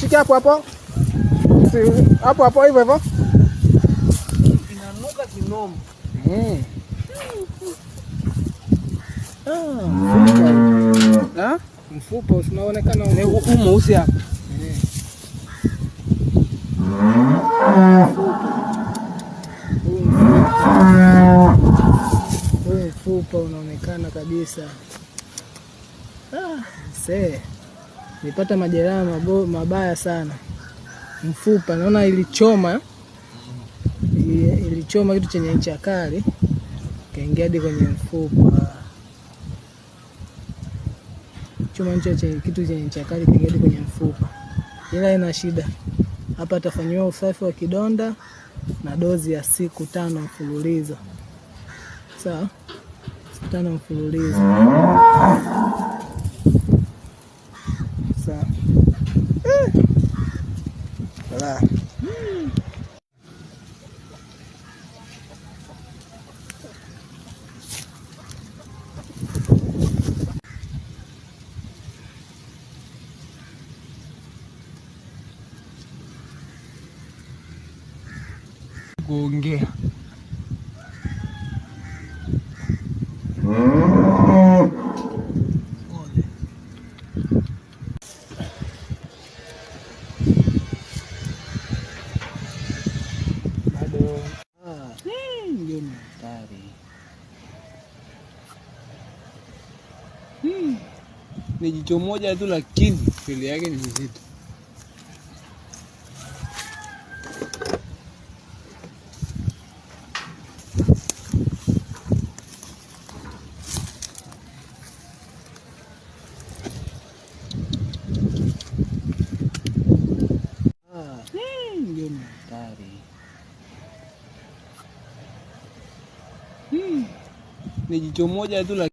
mshike hapo hapo hapo hapo hivyo hivyo, inanuka kinomo. Hmm. Ah. Mfupa unaonekana mweusi hapo. Mfupa unaonekana kabisa. Ah, see nilipata majeraha mabaya sana, mfupa naona ilichoma, ilichoma kitu chenye ncha kali kaingia hadi kwenye mfupa, chuma ncha chenye kitu chenye ncha kali kaingia hadi kwenye mfupa, ila ina shida hapa, atafanyiwa usafi wa kidonda na dozi ya siku tano mfululizo. Sawa, siku tano mfululizo. kuongea. Ni jicho moja tu, lakini pili yake ni mzito. hatari. Hmm. Ni jicho moja tu la